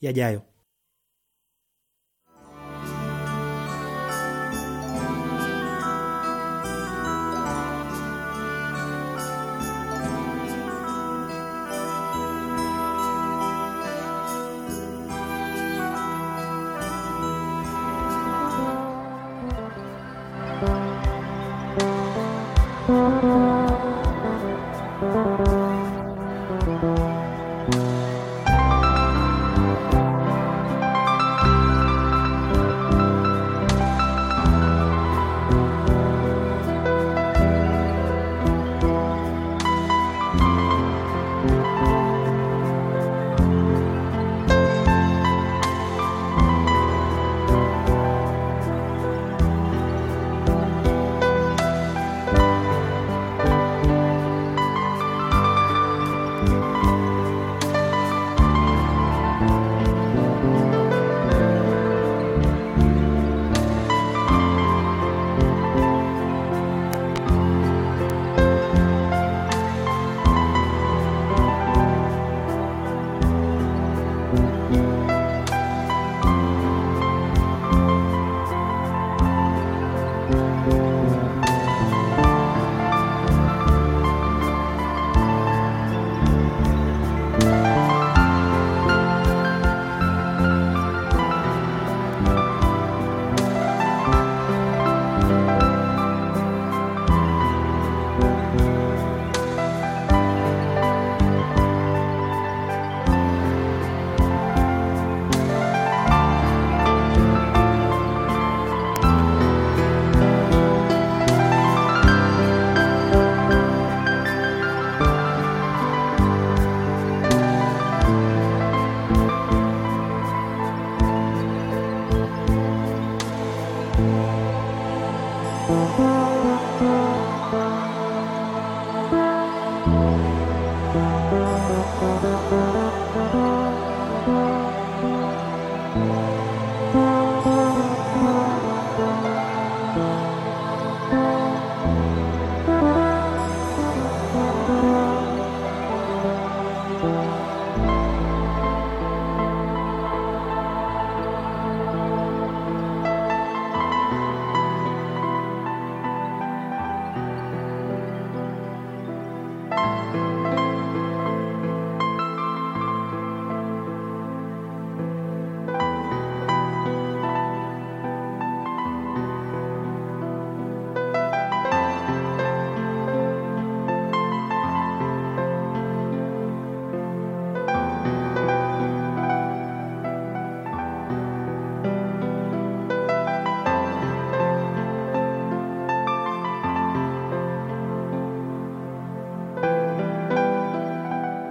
yajayo.